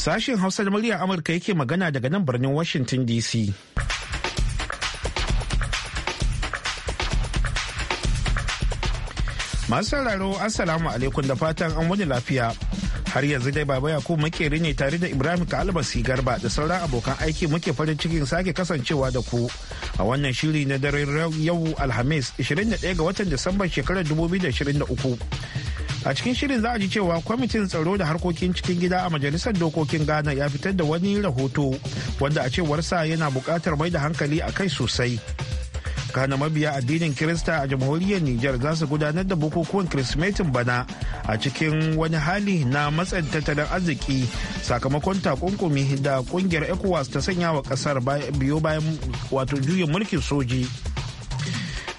Sashen Hausa da muryar Amurka yake magana daga nan birnin Washington DC. Masu sauraro Assalamu alaikum da fatan an wani lafiya. Har yanzu dai Baba Yakubu makeri ne tare da Ibrahim si Garba da sauran abokan aiki muke farin cikin sake kasancewa da ku a wannan shiri na daren yau Alhamis 21 ga watan disambar shekarar 2023. a cikin shirin za a ji cewa kwamitin tsaro da harkokin cikin gida a majalisar dokokin ghana ya fitar da wani rahoto wanda a cewarsa yana bukatar mai da hankali a kai sosai kana mabiya addinin kirista a jamhuriyar niger za su gudanar da bukukuwan kirsimetin bana a cikin wani hali na matsayin tattalin arziki sakamakon takunkumi da kungiyar ecowas ta sanya wa kasar biyo bayan wato juyin mulkin soji.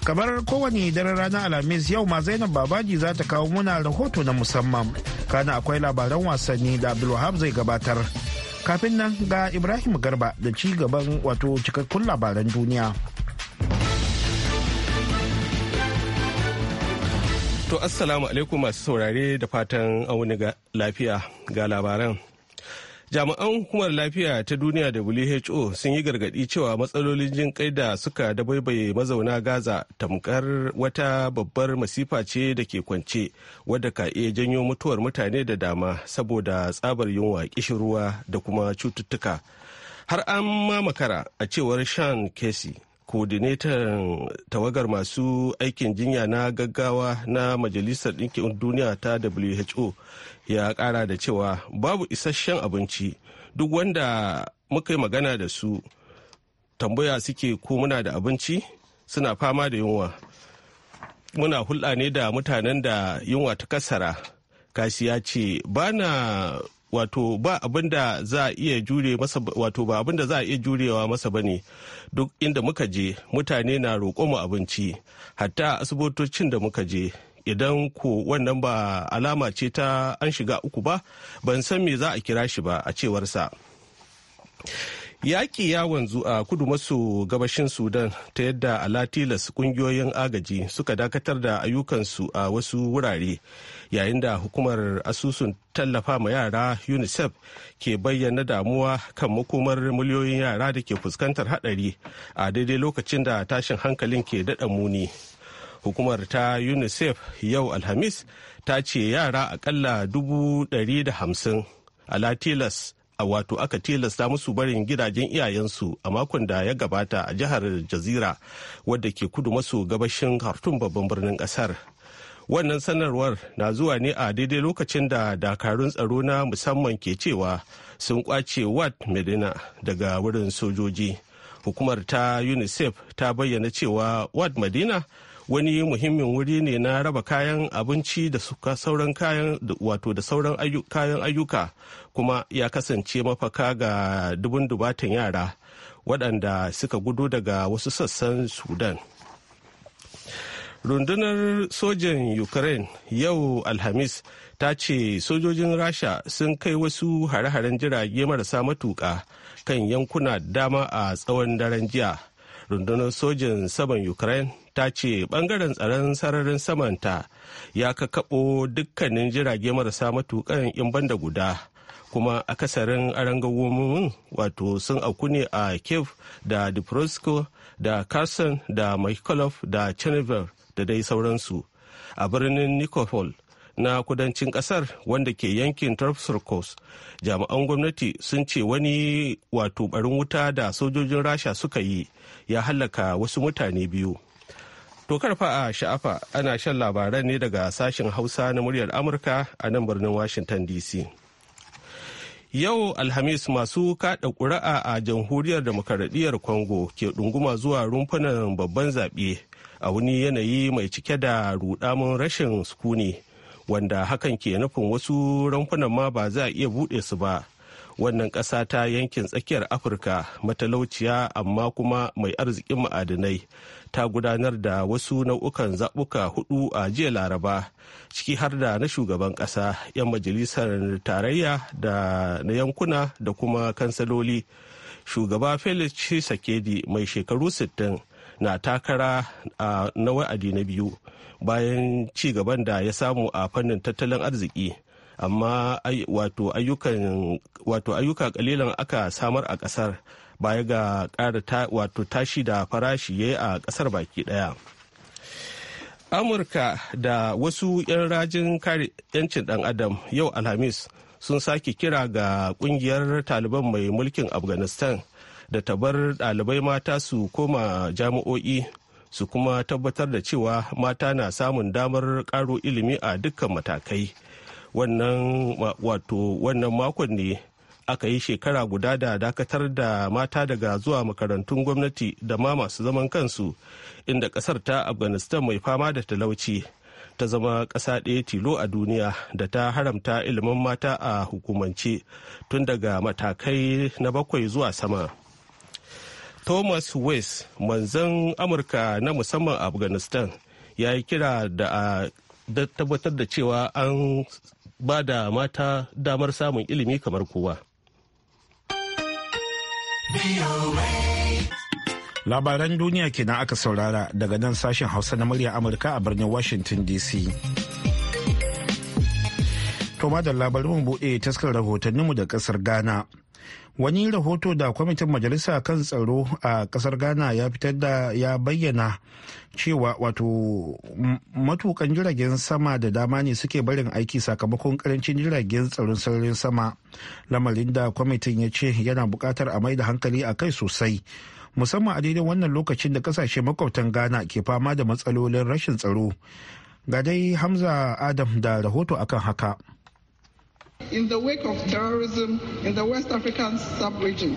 kamar kowane daren rana alhamis yau ma zainab babaji za ta kawo muna rahoto na musamman kana akwai labaran wasanni da abdulwahab zai gabatar kafin nan ga ibrahim garba da ci gaban wato cikakkun labaran duniya to assalamu alaikum masu saurare da fatan auni lafiya ga labaran jami'an hukumar lafiya ta duniya who sun yi gargaɗi cewa matsalolin jin kai da suka dabaibaye mazauna gaza tamkar wata babbar masifa ce da ke kwance wadda ka iya janyo mutuwar mutane da dama saboda tsabar yunwa kishirwa da kuma cututtuka har an ma makara a cewar shan kesi kodinetar tawagar masu aikin jinya na gaggawa na majalisar ɗinkin duniya ta who ya ƙara da cewa babu isasshen abinci duk wanda muka yi magana da su tambaya suke ko muna da abinci suna fama da yunwa muna hulɗa ne da mutanen da yunwa ta kasara kasi ya ce ba na wato ba abin da za a iya jure masa wato ba abin da za a iya jurewa masa bane duk inda muka je mutane na roƙo mu abinci hatta asibitocin da muka je idan ko wannan ba alama ce ta an shiga uku ba ban san me za a kira shi ba a cewar sa. yaƙi ya wanzu a kudu maso gabashin sudan ta yadda alatilas ƙungiyoyin agaji suka dakatar da ayyukansu a wasu wurare yayin da hukumar asusun tallafa ma yara unicef ke bayyana damuwa kan makomar miliyoyin yara da ke fuskantar hadari a daidai lokacin da tashin hankalin ke daɗa muni hukumar ta unicef yau alhamis ta ce yara akalla dubu ɗari da hamsin ala tilas a wato aka tilasta musu barin gidajen iyayensu a makon da ya gabata a jihar jazira wadda ke kudu maso gabashin hartun babban birnin kasar wannan sanarwar na zuwa ne a daidai lokacin da dakarun tsaro na musamman ke cewa sun kwace wat medina daga wurin sojoji hukumar ta unicef ta bayyana cewa wat medina wani muhimmin wuri ne na raba kayan abinci da sauran kayan wato da sauran kayan ayyuka kuma ya kasance mafaka ga dubun dubatan yara waɗanda suka gudu daga wasu sassan sudan rundunar sojan ukraine yau alhamis ta ce sojojin rasha sun kai wasu hare-haren jirage marasa matuka kan yankuna dama a tsawon daren jiya rundunar sojan saman ukraine ta ce bangaren tsaron sararin samanta ya kakabo dukkanin jirage marasa matukan in banda guda kuma akasarin arangawomin wato sun auku ne a kiev da dubrovsko da carson da mykolof da chernihiv da dai sauransu a birnin nicopol na kudancin kasar wanda ke yankin turfsurcos jami'an gwamnati sun ce wani wato barin wuta da sojojin rasha suka yi ya hallaka wasu mutane biyu tokar fa a sha'afa ana shan labaran ne daga sashen hausa na muryar amurka a nan birnin washington dc yau alhamis masu kada ƙuri'a a jamhuriyar demokaradiyyar congo ke ɗunguma zuwa rumfunan babban zaɓe a wani yanayi mai cike da rudamun rashin sukuni wanda hakan ke nufin wasu ramfunan ma ba za a iya bude su ba wannan ƙasa ta yankin tsakiyar afirka matalauciya amma kuma mai arzikin ma'adinai ta gudanar da wasu nau'ukan zaɓuka hudu a jiya laraba ciki har da na shugaban ƙasa 'yan majalisar tarayya da na yankuna da kuma kansaloli shugaba felix shisakedi mai shekaru 60 na takara a na wa'adi na biyu bayan ci gaban da ya samu a fannin tattalin arziki amma wato ayyuka kalilan aka samar a kasar baya ga ƙara wato tashi da farashi ya yi a kasar baki daya amurka da wasu 'yan rajin kare 'yancin dan adam yau alhamis sun sake kira ga kungiyar taliban mai mulkin afghanistan da ta bar ɗalibai mata su koma jami'o'i su kuma tabbatar da cewa mata na samun damar ƙaro ilimi a dukkan matakai wannan wato wannan makon ne aka yi shekara guda da dakatar da mata daga zuwa makarantun gwamnati da ma masu zaman kansu inda ƙasar ta afghanistan mai fama da talauci ta zama ƙasa ɗaya tilo a duniya da ta haramta ilimin mata a hukumance tun daga matakai na bakwai zuwa sama. thomas west manzan amurka na musamman a afghanistan ya yi kira da a tabbatar da cewa an ba da mata damar samun ilimi kamar kowa labaran duniya kenan aka saurara daga nan sashen hausa na murya amurka a birnin washington dc to da labarin buɗe taskar rahotanninmu da kasar ghana wani rahoto da kwamitin majalisa kan tsaro a kasar ghana ya fitar da ya bayyana cewa wato matukan jiragen sama da dama ne suke barin aiki sakamakon karancin jiragen tsaron sararin sama lamarin da kwamitin ya ce yana bukatar a mai da hankali a kai sosai musamman a daidai wannan lokacin da kasashe makwabtan ghana ke fama da matsalolin rashin tsaro ga dai hamza adam da rahoto akan haka. in the wake of terrorism in the West African sub-region.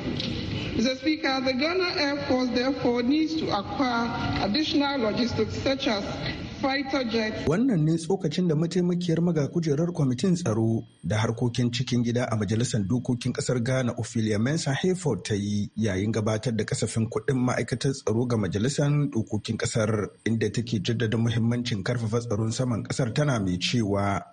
Mr. Speaker, the Ghana Air Force therefore needs to acquire additional logistics such as Wannan ne tsokacin da mataimakiyar maga kujerar kwamitin tsaro da harkokin cikin gida a majalisar dokokin kasar Ghana Ophelia Mensah Hayford ta yi yayin gabatar da kasafin kuɗin ma'aikatar tsaro ga majalisar dokokin kasar inda take jaddada muhimmancin karfafa tsaron saman kasar tana mai cewa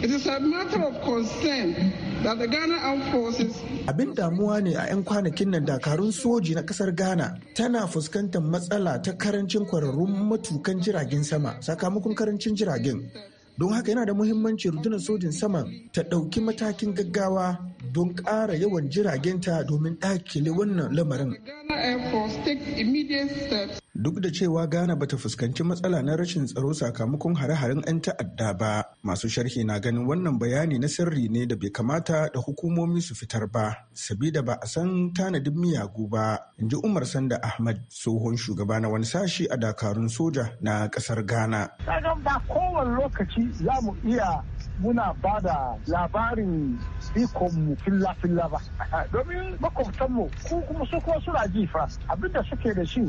It is a matter of concern that the Ghana Armed Forces Abin damuwa ne a 'yan kwanakin nan dakarun soji na kasar Ghana tana fuskantar matsala ta karancin kwararrun matukan jiragen sama sakamakon karancin jiragen. Don haka yana da muhimmanci rundunar sojin sama ta ɗauki matakin gaggawa don ƙara yawan jiragenta domin ɗakile wannan lamarin. duk da cewa ghana bata fuskanci matsala na rashin tsaro sakamakon hare-haren 'yan ta'adda ba masu sharhi na ganin wannan bayani na sirri ne da bai kamata da hukumomi su fitar ba sabida ba a san tanadin miyagu ba in ji umar sanda ahmad tsohon shugaba na wani sashi a dakarun soja na kasar ghana ba lokaci za iya muna ba da labarin ikonmu filla-filla ba domin makwabtanmu ko kuma su kuma suna jifa abinda suke da shi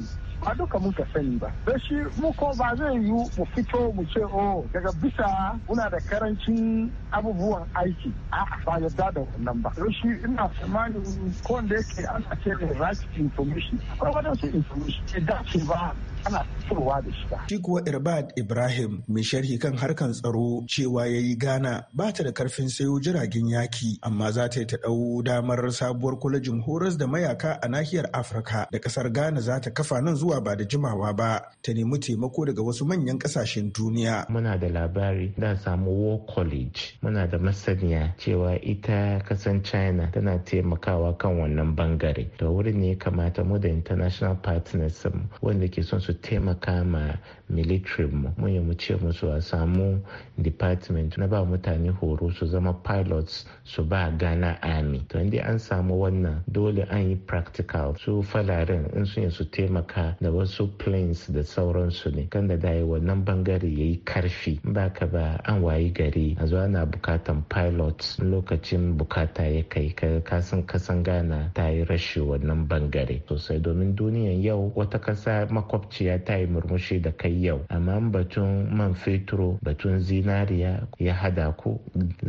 ba duka muka sani ba da shi mu ko ba zai yi mu fito mu ce o oh, daga bisa muna da karancin abubuwan aiki a ba yadda da wannan ba da shi ina tsammanin ko da yake ana ce da right information ko wani information ke dace ba ana fitowa da shi ba. Shi kuwa Irbad Ibrahim mai sharhi kan harkan tsaro cewa ya yi Ghana ba ta da karfin sayo jiragen yaki amma za ta yi ta ɗau damar sabuwar kwalejin horas da mayaka a nahiyar Afirka da ƙasar Ghana za ta kafa nan zuwa zuwa ba da jimawa ba ta nemi taimako daga wasu manyan kasashen duniya. Muna da labari da samu War College muna da masaniya cewa ita kasan China tana taimakawa kan wannan bangare. Da wurin ne kamata mu da international partners wanda ke son su taimaka ma military mu mun mu ce musu a samu department na ba mutane horo su zama pilots su ba ghana army to inda an samu wannan dole an yi practical su falarin in sun yi su taimaka da wasu planes da sauransu ne kan da dai wannan bangare ya yi karfi ba ka ba an wayi gari a zuwa na bukatan pilots lokacin bukata ya kai ka kasan kasan gana ta yi rashi wannan bangare sosai domin duniyan yau wata kasa makwabciya ta yi murmushi da kai yau amma batun man fetur batun zinariya ya hada ku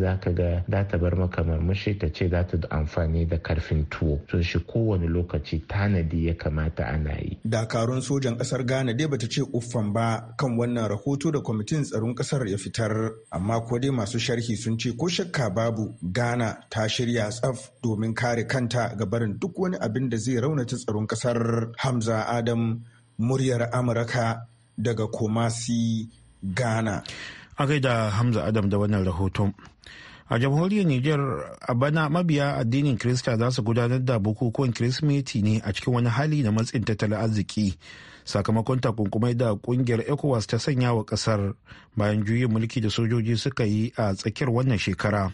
za ka ga za ta bar maka marmushi ta ce za ta amfani da karfin tuwo to shi kowane lokaci tanadi ya kamata ana yi dakarun sojan kasar ghana dai bata ce uffan ba kan wannan rahoto da kwamitin tsaron kasar ya fitar amma ko dai masu sharhi sun ce ko shakka babu ghana ta shirya tsaf domin kare kanta ga barin duk wani abin da zai raunata tsaron kasar hamza adam muryar amurka daga Kumasi, Ghana. A gaida Hamza Adam da wannan rahoton. A jamhuriyar niger a bana mabiya addinin Kirista za su gudanar da bukukuwan kirismeti ne a cikin wani hali na matsin tattalin arziki. Sakamakon takunkumai da kungiyar ECOWAS ta sanya wa kasar bayan juyin mulki da sojoji suka yi a tsakiyar wannan shekara.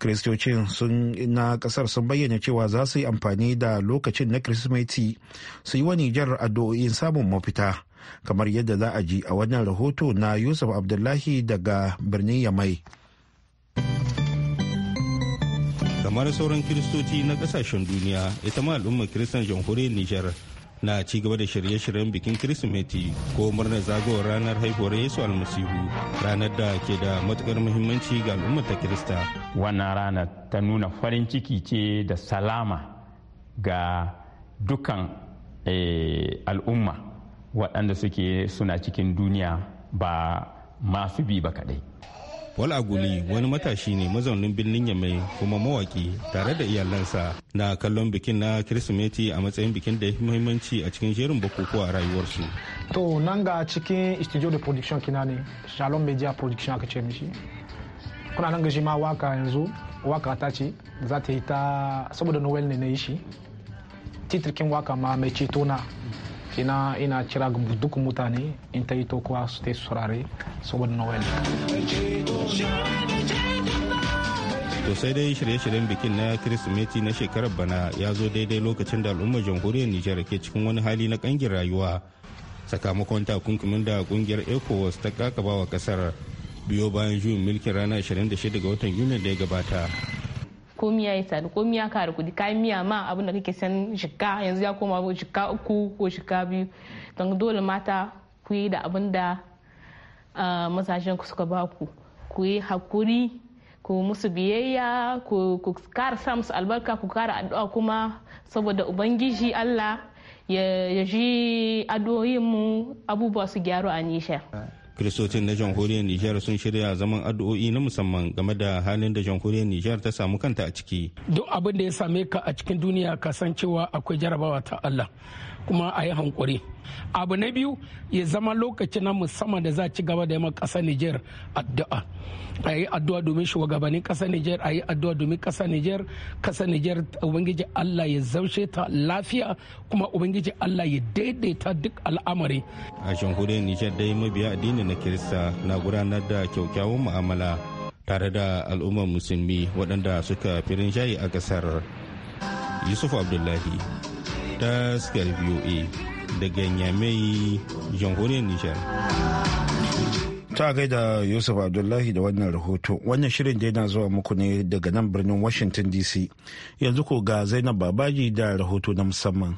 kiristocin sun na kasar sun bayyana cewa za su yi amfani da lokacin na kirismeti su yi wa nijar addu'o'in samun mafita kamar yadda za a ji a wannan rahoto na yusuf abdullahi daga birnin yamai kamar sauran kiristoci na kasashen duniya ita ma al'ummar kiristan jamhuriyar nijar na ci gaba da shirye-shiryen bikin kirsimeti ko murnar zagawar ranar haihuwar yesu almasihu ranar da ke da matukar muhimmanci ga al'ummar ta kirista wannan rana ta nuna farin ciki ce da salama ga dukan eh, al'umma waɗanda suke suna cikin duniya ba masu bi ba kaɗai. Wal Aguli wani matashi ne mazaunin birnin Yamai kuma mawaki tare da iyalansa na kallon bikin na Kirsimeti a matsayin bikin da ya fi muhimmanci a cikin jerin bukukuwa a rayuwarsu. To nan ga cikin studio de production kina ne Shalom Media production aka ce mishi. Kuna nan gashi ma waka yanzu waka ta ce za ta yi ta saboda Noel ne na yi shi. Titirkin waka ma mai ceto na ina ina kira duk mutane in ta yi to su ta surare saboda noel to sai dai shirye-shiryen bikin na kirsimeti na shekarar bana ya zo daidai lokacin da al'ummar jamhuriyar nijar ke cikin wani hali na kangin rayuwa sakamakon takunkumin da kungiyar ecowas ta kakaba wa kasar biyo bayan juyin mulkin ranar 26 ga watan yunin da ya gabata komi ya yi tsari komi ya kara kudi ka miya ma abin da kake san shika yanzu ya koma shika uku ko shika biyu don dole mata ku yi da abin da ku suka ba ku ku yi hakuri ku musu biyayya ku kara sa musu albarka ku kara addu'a kuma saboda ubangiji Allah ya ji addu'o'in mu abubuwa su gyaru a nisha Kiristocin na jamhuriyar Nijar sun shirya zaman addu'o'i na musamman game da halin da jamhuriyar Nijar ta samu kanta a ciki. Duk abin da ya same ka a cikin duniya ka san cewa akwai jarabawa ta Allah. kuma a yi hankuri abu na biyu ya zama lokaci na musamman da za ci gaba da yamma ƙasar niger addu'a a yi addu'a domin shugabannin ƙasar niger a yi addu'a domin ƙasar niger ƙasar niger ubangiji allah ya zaushe ta lafiya kuma ubangiji allah ya daidaita duk al'amari a shankurin niger dai mabiya addini na kirista na gudanar da kyaukyawan mu'amala tare da al'ummar musulmi waɗanda suka firin shayi a ƙasar yusuf abdullahi ta skyar voa daga nyamai jamhuriyar nijar ta gaida yusuf abdullahi da wannan rahoto wannan shirin da yana zuwa muku ne daga nan birnin washington dc yanzu ko ga zainab babaji da rahoto na musamman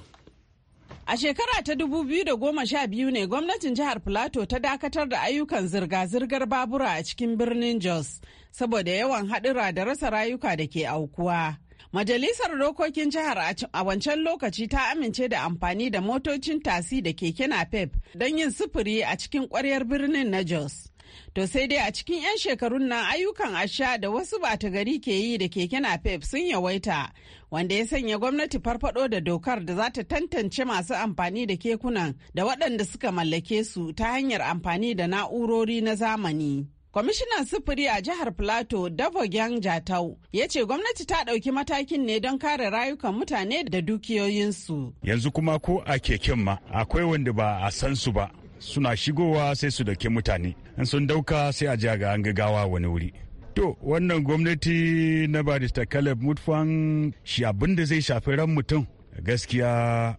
A shekara ta 2012 ne gwamnatin jihar plato ta dakatar da ayyukan zirga-zirgar babura a cikin birnin Jos saboda yawan haɗura da rasa rayuka da ke aukuwa. Majalisar Dokokin Jihar a wancan lokaci ta amince da amfani da motocin tasi da keke napep don yin sufuri a cikin kwaryar birnin na Jos. To sai dai a cikin 'yan shekarun nan ayyukan asha da wasu bata gari ke yi da keke napep sun yawaita, wanda ya sanya gwamnati farfado da dokar da za ta tantance masu amfani da kekunan da waɗanda suka mallake su ta hanyar amfani da na'urori na zamani. Kwamishinan sufuri a jihar Plateau gyan Jatau ya ce gwamnati ta ɗauki matakin ne don kare rayukan mutane da dukiyoyinsu. Yanzu kuma ko a keken ma akwai wanda ba a san su ba suna shigowa sai su dake mutane in sun dauka sai a ga an gawa wani wuri. To wannan gwamnati na barista Caleb Mutfan shi abin da zai shafi ran mutum gaskiya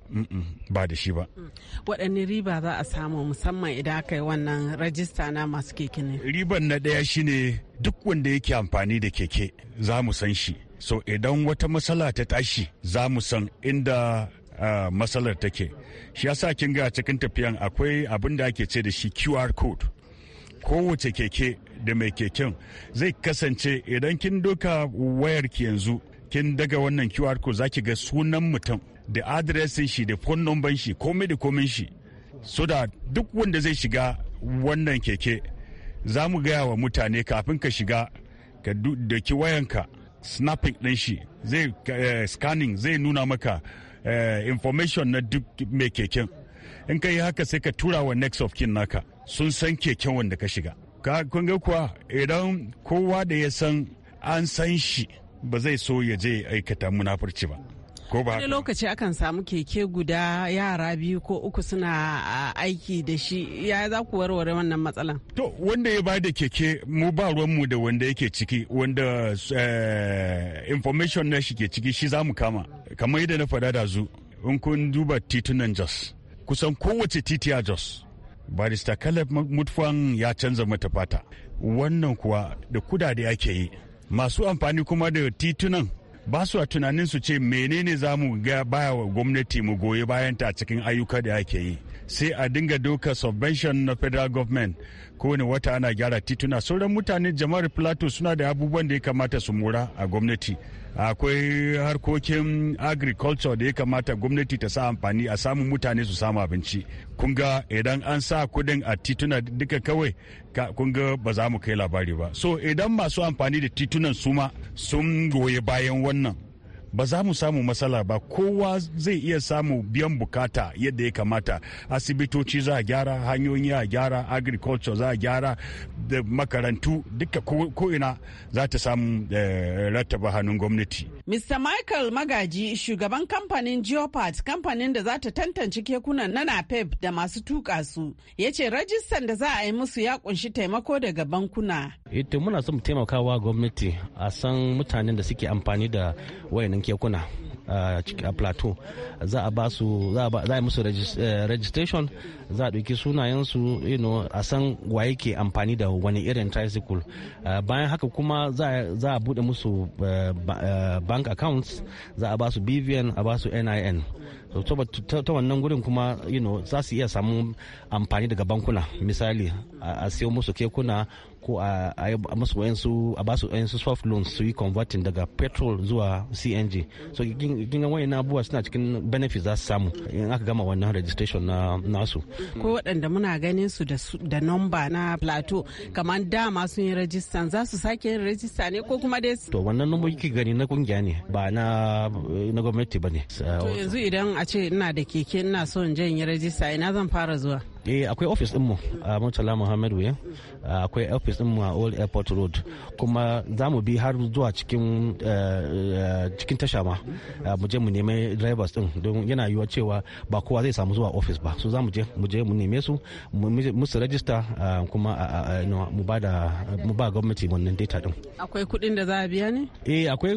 ba da shi ba waɗanne riba za a samu musamman idan aka yi wannan rajista na masu keke ne riban na ɗaya shine duk wanda yake amfani da keke za mu san shi so idan wata matsala ta tashi za mu san inda ah, matsalar take shi yasa kin ga cikin tafiyan akwai abin da ake ce da shi qr code kowace keke da mai keken zai kasance idan kin doka wayarki yanzu kin daga wannan QR code zaki ga sunan mutum da adireshin shi da phone number shi komai da komai shi so da duk wanda zai shiga wannan keke za mu gaya wa mutane kafin ka shiga ka daki wayanka snapping ɗin shi zai eh, scanning zai nuna maka eh, information na duk mai keken in ka yi haka sai ka tura wa next of kin naka sun san keken wanda ka shiga kun ga kuwa idan kowa da ya san an san shi ba zai so ya je aikata munafurci ba ko ba lokaci akan samu keke guda yara biyu ko uku suna aiki da shi ya za ku warware wannan matsalan to wanda ya bada keke mu ba ruwanmu da wanda yake ciki wanda eh, information na shi ke ciki shi za mu kama kamar yadda na faɗa da zu in kun duba titunan jos kusan kowace titi a jos barista caleb mutfan ya canza mata fata wannan kuwa da kudade ake yi masu amfani kuma da titunan ba su a tunanin su ce menene za mu ga baya wa gwamnati mu goyi bayan ta cikin ayyuka da ake yi sai a dinga doka subvention na federal government kowane wata ana gyara tituna sauran mutane jama'ar plateau suna da abubuwan da ya kamata su mura a gwamnati akwai harkokin agriculture da ya kamata gwamnati ta sa amfani a samun mutane su samu abinci kun ga idan an sa kudin a tituna duka kawai kun ga ba za mu kai labari ba so idan masu amfani da titunan suma sun goye bayan wannan ba za mu samu matsala ba kowa zai iya samu biyan bukata yadda ya kamata asibitoci za a gyara hanyoyi a gyara agriculture za a gyara da makarantu duka ko'ina za ta samu eh, rattaba hannun gwamnati. Mr. Michael Magaji shugaban kamfanin Geopat kamfanin da za ta tantance kekunan na NAPEP da masu tuka su ya ce rajistan da za a yi musu ya kunshi taimako daga bankuna. Ita eh, muna son taimakawa gwamnati a san mutanen da suke amfani da wayannan kekuna eh, a plateau za a ba su za a musu eh, registration za a ɗauki sunayensu a san wa ke amfani da wani irin tricycle eh, bayan haka kuma za a buɗe musu bank accounts za a ba su bvn a ba su nin ta wannan gurin kuma za su iya samu amfani daga bankuna misali a siyo musu kekuna ko a masu wayansu a basu wayansu soft loans su yi converting daga petrol zuwa CNG so kin ga na abubuwa suna cikin benefits za su samu in aka gama wannan registration na nasu ko waɗanda muna ganin su da number na plateau kamar dama sun yi rajistan za su sake yin rajista ne ko kuma dai to wannan number kike gani na kungiya ne ba na na gwamnati bane to yanzu idan a ce ina da keke ina son in je yi rajista ina zan fara zuwa eh akwai office din mu a Murtala Muhammad Wayan ah, akwai office din mu a Old Airport Road kuma za mu bi har zuwa cikin eh, eh, cikin tasha ma ah, mu je mu nemi drivers din don yana yiwuwa cewa ba kowa zai samu zuwa office ba so za mu je mu je mu neme su mu su register ah, kuma mu ba da mu ba gwamnati wannan data din akwai kuɗin da za a biya ne eh akwai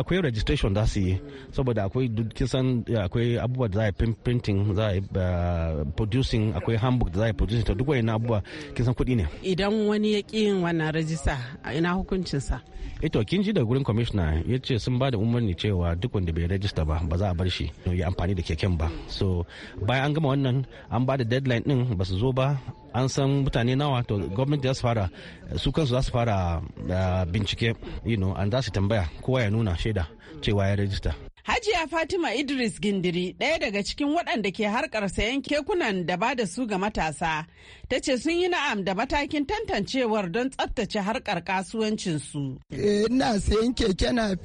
akwai registration da su yi saboda akwai kin san eh, akwai abubuwa da za a printing za a producing akwai akwai hamburg da za a yi ta duk wani abubuwa kin san kuɗi ne idan wani ya ƙi yin wannan rajista ina hukuncinsa ito eh kin ji daga gurin commissioner ya ce sun ba da umarni cewa duk wanda bai rajista ba ba za a bar shi ya amfani da keken ba so bayan an gama wannan an ba da deadline din ba su zo ba an san mutane nawa to gwamnati za su fara su kansu za su fara ah, bincike you know an za su tambaya kowa ya nuna shaida cewa ya rajista Hajiya Fatima Idris Gindiri ɗaya daga cikin waɗanda ke harkar sayan kekunan da ba da su ga matasa ta ce sun yi na'am da matakin tantancewar don tsabtace harkar kasuwancinsu. Eh, ina sayan keke na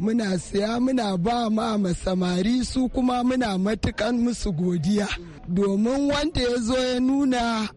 muna siya muna ba ma samari su kuma muna matukan musu godiya domin wanda ya zo ya nuna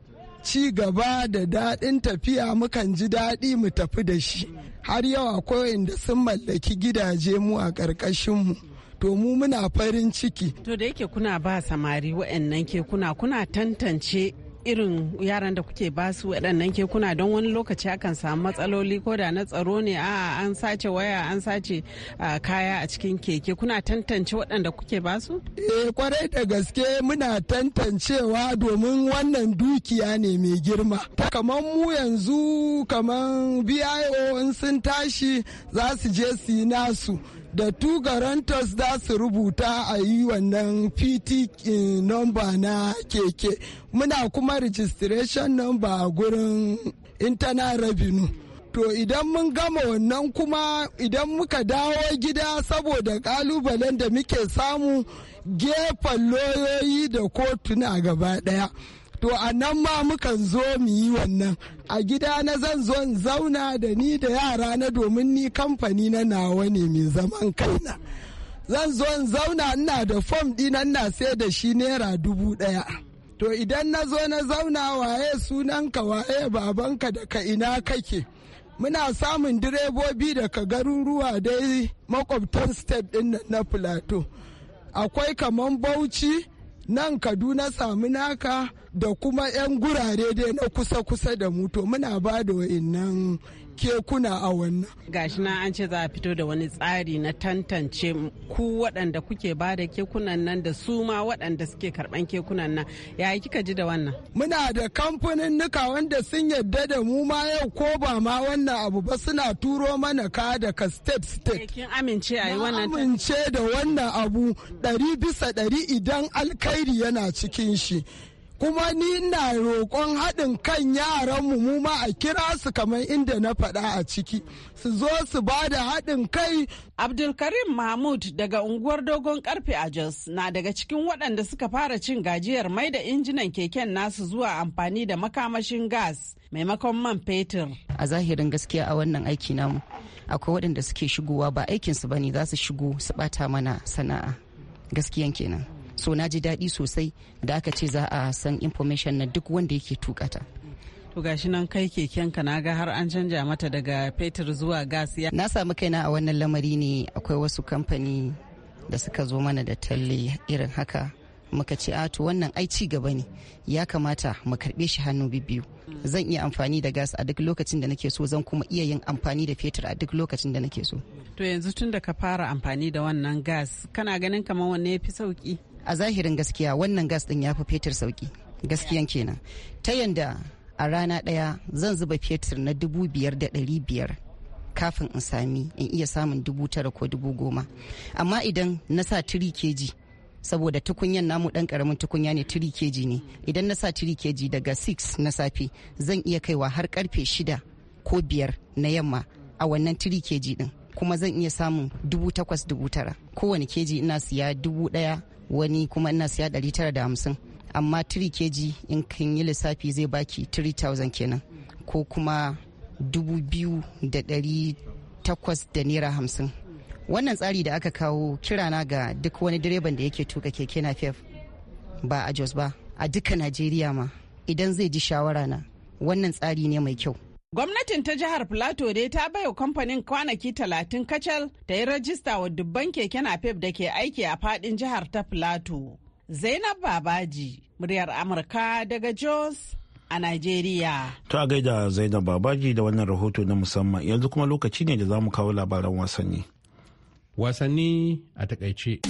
ci gaba da daɗin tafiya mukan ji daɗi mu tafi da shi har yau akwai inda sun mallaki gidaje mu a ƙarƙashinmu to mu muna farin ciki to da yake kuna ba samari wa'annan ke kuna kuna tantance irin yaran da kuke basu waɗannan kekuna don wani lokaci akan samu matsaloli ko da na tsaro ne a an sace waya an sace kaya a cikin keke kuna tantance waɗanda kuke basu? Eh kwarai da gaske muna tantancewa domin wannan dukiya ne mai girma. Kamar mu yanzu kamar BIO in sun tashi za su je su yi nasu. da tugarantos za su rubuta a yi wannan pt eh, number na keke muna kuma registration number a gurin internal revenue to idan mun gama wannan kuma idan muka dawo gida saboda kalubalen da muke samu gefen loyoyi da kotuna gaba daya to a nan ma mukan zo mu yi wannan a gida na zan zo zauna da ni da yara na domin ni kamfani na nawa ne mai zaman kaina zan zo zauna ina da fom ɗina ina sai da shi naira dubu ɗaya to idan na zo na zauna waye sunanka waye babanka da ka ina kake muna samun direbobi daga garuruwa dai makwabtan state ɗin na plateau akwai kaman bauchi nan kaduna sami naka da kuma 'yan gurare dai na kusa-kusa da mu muna ba da nan. kekuna a wannan. Gashi na an ce za a fito da wani tsari na tantance ku waɗanda kuke ba da kekunan nan da su ma waɗanda suke karɓan kekunan nan. Ya kika ji da wannan? Muna da kamfanin nuka wanda sun yadda da mu ma yau ko ba ma wannan abu ba suna turo mana ka daga state state. Eh, kin amince a yi wannan amince da wannan abu ɗari bisa ɗari idan alkhairi yana cikin shi. kuma ni na roƙon haɗin kan yaran mu ma a kira su kamar inda na faɗa a ciki su zo su ba da haɗin kai. Abdulkarim Mahmud daga unguwar Dogon Karfe a Jos na daga cikin waɗanda suka fara cin gajiyar mai da injinan keken nasu zuwa amfani da makamashin gas maimakon man fetur. A zahirin gaskiya a wannan aiki namu akwai waɗanda suke shigowa ba aikinsu ba ne za su shigo su ɓata mana sana'a gaskiyan kenan. so na ji daɗi sosai da aka ce za a san information na duk wanda yake tukata to gashi nan kai kekenka na ga har an canja mata daga fetur zuwa gas ya na samu kaina a wannan lamari ne akwai wasu kamfani da suka zo mana da talle irin haka muka ce a to wannan ai ci gaba ne ya kamata mu karbe shi hannu biyu zan iya amfani da gas a duk lokacin da nake so zan kuma iya yin amfani da fetur a duk lokacin da nake so to yanzu tun da ka fara amfani da wannan gas kana ganin kamar wanne ya fi sauki a zahirin gaskiya wannan gas din ya fi fetur sauki gaskiyan kenan ta yanda a rana ɗaya zan zuba fetur na dubu biyar da ɗari biyar kafin in sami in iya samun dubu tara ko dubu goma amma idan na sa tiri keji saboda tukunyan namu dan karamin tukunya ne tiri keji ne idan na sa tiri keji daga 6 na safe zan iya kaiwa har karfe shida ko biyar na yamma a wannan tiri keji din kuma zan iya samun dubu takwas dubu tara kowane keji ina siya dubu daya wani kuma ina siya ɗari tara da hamsin amma tiri keji in kan yi lissafi zai baki 3000 kenan ko kuma 2,800 da naira hamsin wannan tsari da aka kawo kirana ga duk wani direban da yake tuka keke na fef ba a jos ba a duka najeriya ma idan zai ji shawara na wannan tsari ne mai kyau Gwamnatin ta jihar Plateau dai ta baiwa kamfanin kwanaki talatin kacal ta yi rajista wa dubban keke napep da ke aiki a fadin jihar ta Plateau. Zainab Babaji, muryar Amurka daga Jos a Najeriya. Ta gaida Zainab Babaji da wannan rahoto na musamman yanzu kuma lokaci ne da za mu kawo labaran wasanni. Wasanni a takaice.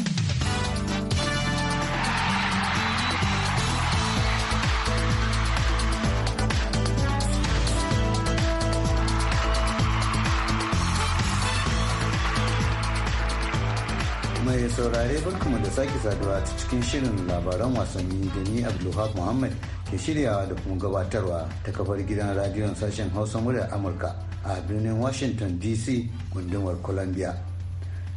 saurare barkamu da sake saduwa ta cikin shirin labaran wasanni da ni Abdulhaq Muhammad ke shiryawa da kuma gabatarwa ta kafar gidan radiyon sashen Hausa murya Amurka a birnin Washington DC gundumar Columbia.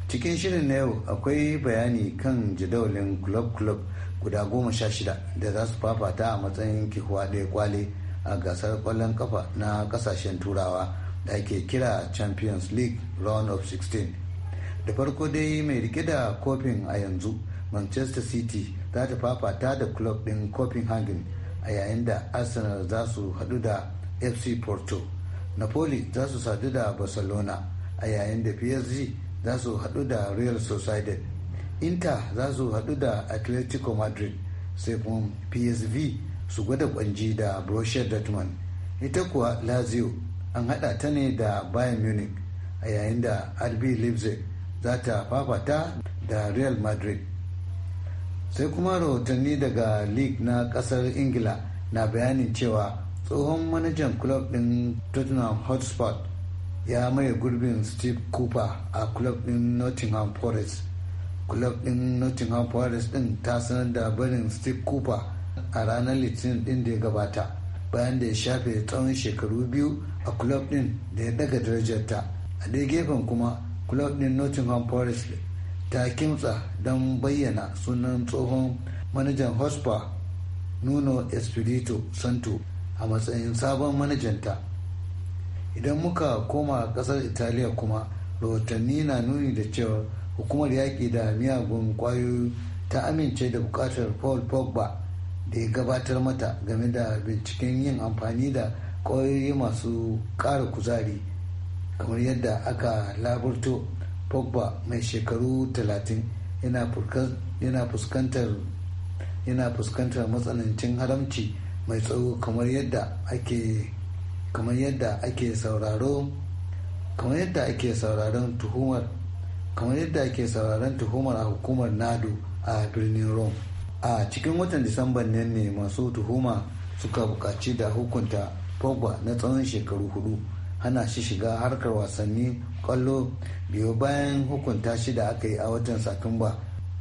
Cikin shirin na yau akwai bayani kan jadawalin club club guda goma sha shida da za su fafata a matsayin kihuwa ɗaya kwale a gasar kwallon kafa na kasashen turawa da ake kira Champions League Round of 16. da farko dai mai rike da kofin a yanzu manchester city za ta fafata da club din copenhagen a yayin da arsenal za su hadu da fc porto napoli za su sadu da barcelona a yayin da psg za su hadu da real sociedad inter za su hadu da atletico madrid sai kuma psv su gwada kwanji da borussia dortmund ita kuwa lazio an hada ta ne da bayern munich a yayin da rb leipzig za ta fafata da real madrid sai kuma rahotanni daga league na kasar ingila na bayanin cewa tsohon manajan club din tottenham hotspur ya maye gurbin steve cooper a club din nottingham forest club din nottingham forest din ta sanar da barin steve cooper a ranar litinin din da ya gabata bayan da ya shafe tsawon shekaru biyu a club din da ya daga darajarta a dai gefen kuma club din nottingham forest ta kimtsa don bayyana sunan tsohon manajan hospa nuno espirito santo a matsayin sabon manajanta idan muka koma kasar italiya kuma rahotanni na nuni da cewa hukumar yaƙi da miyagun ƙwayoyi ta amince da buƙatar paul pogba da ya gabatar mata game da binciken yin amfani da ƙwayoyi masu ƙara kuzari kamar yadda aka laburto pogba mai shekaru 30 yana fuskantar matsanancin haramci mai tsawo kamar yadda ake kamar yadda ake sauraro kamar yadda ake sauraron tuhumar kamar yadda ake sauraron tuhumar a hukumar nado a birnin rome a cikin watan disamban nan ne masu tuhuma suka bukaci da hukunta pogba na tsawon shekaru hudu hana shi shiga harkar wasanni kwallo biyu bayan hukunta shi da aka yi a watan satumba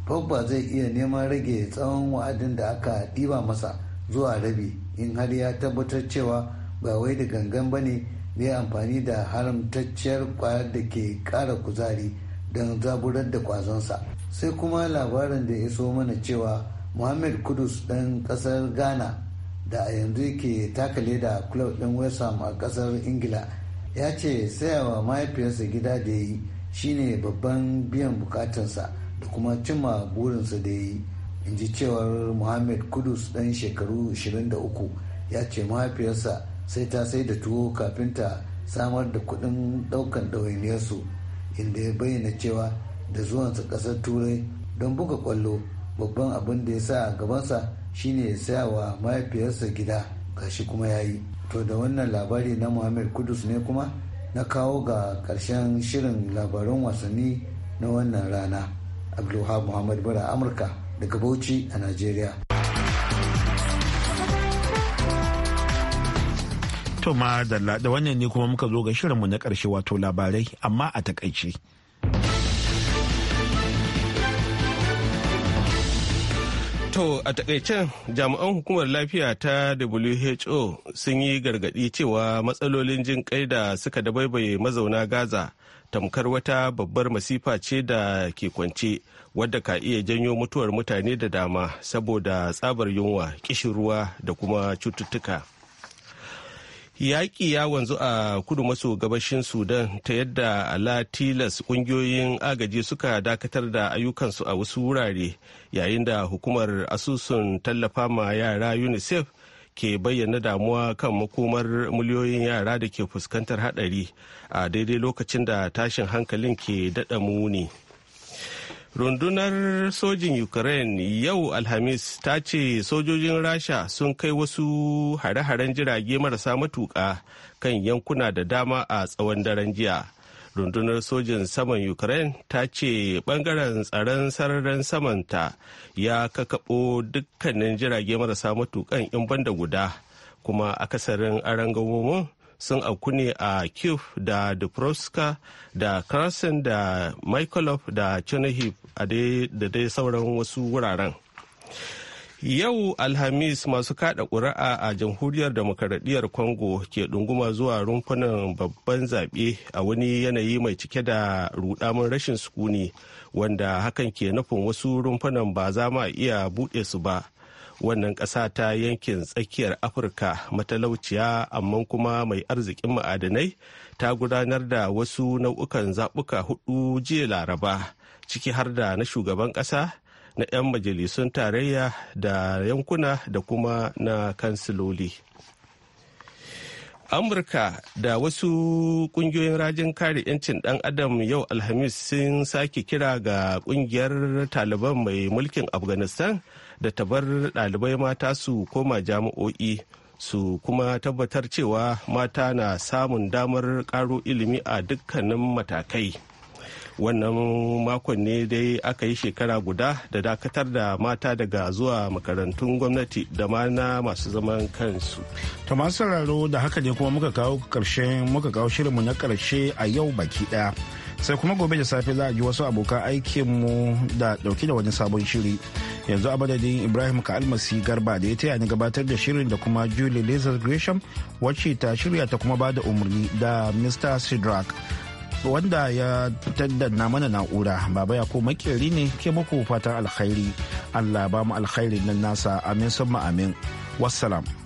pogba zai iya neman rage tsawon wa'adin da aka ɗiba masa zuwa rabi in har ya tabbatar cewa ba wai da gangan ba ne ya amfani da haramtacciyar kwayar da ke ƙara kuzari don zaburar da kwazonsa sai kuma labarin da ya so mana cewa muhammad kudus dan ƙasar ghana da a yanzu yake taka leda club ɗin west ham a ƙasar ingila ya ce sayawa mahaifiyarsa gida da yi shine babban biyan bukatarsa da kuma cimma burinsa da yi in ji cewar muhammad kudus ɗan shekaru 23 ya ce mahaifiyarsa sai ta sai da tuwo kafin ta samar da kuɗin ɗaukan ɗawainiyarsu inda ya bayyana cewa da zuwansa ƙasar turai don buga ƙwallo babban abin da ya sa a gabansa shine ya saya mahaifiyarsa gida gashi kuma ya yi to da wannan labari na muhammad kudus ne kuma na kawo ga karshen shirin labaran wasanni na wannan rana Abdullahi muhammad bara amurka daga bauchi a Najeriya. to ma da wannan ne kuma muka zo ga shirinmu na ƙarshe wato labarai amma a takaice. To a takaicen jami'an hukumar lafiya ta WHO sun yi gargadi cewa matsalolin jin kai da suka dabaibaye mazauna Gaza tamkar wata babbar masifa ce da ke kwance wadda ka iya janyo mutuwar mutane da dama saboda tsabar yunwa, kishin ruwa da kuma cututtuka. yaƙi ya wanzu a kudu maso gabashin sudan ta yadda ala tilas ƙungiyoyin agaji suka dakatar da ayyukansu a wasu wurare yayin da hukumar asusun tallafa ma yara unicef ke bayyana damuwa kan makomar miliyoyin yara da ke fuskantar haɗari a daidai lokacin da tashin hankalin ke daɗa muni. rundunar sojin ukraine yau alhamis ta ce sojojin rasha sun kai wasu hare-haren jirage marasa matuƙa kan yankuna da dama a tsawon daren jiya rundunar sojin saman ukraine ta ce bangaren tsaron sararin samanta ya kakaɓo dukkanin jirage marasa matukan in banda guda kuma akasarin arangamomin sun auku ne a kiev da dubrovska da krasen da mykolov da chernihiv da dai sauran wasu wuraren yau alhamis masu kada kuri'a a jamhuriyar demokaradiyyar congo ke ɗunguma zuwa rumfunan babban zaɓe a wani yanayi mai cike da rudamin rashin sukuni wanda hakan ke nufin wasu rumfunan ba za ma iya buɗe su ba wannan ƙasa ta yankin tsakiyar afirka matalauciya amma kuma mai arzikin ma'adanai ta gudanar da wasu nau'ukan zaɓuka hudu jiya laraba ciki har da na shugaban ƙasa na 'yan majalisun tarayya da yankuna da kuma na kansiloli amurka da wasu kungiyoyin rajin kare 'yancin dan adam yau alhamis sun sake kira ga kungiyar taliban mai mulkin afghanistan da ta bar ɗalibai mata su koma jami'o'i su kuma tabbatar cewa mata na samun damar karo ilimi a dukkanin matakai wannan makon ne dai aka yi shekara guda da dakatar da mata daga zuwa makarantun gwamnati da ma na masu zaman kansu. ta masu sauraro da haka ne kuma muka kawo karshen muka kawo shirinmu na karshe a yau baki daya. sai kuma gobe da safe za a ji wasu abokan aikin mu da dauki da wani sabon shiri yanzu a madadin ibrahim ka almasi garba da ya taya ni gabatar da shirin da kuma julie lizard gresham wacce ta shirya ta kuma bada umarni da mr sidrak wanda ya taddana mana na'ura baba ya ko makeri ne ke muku fatan alkhairi allah ba mu alkhairi nan nasa amin summa amin wassalam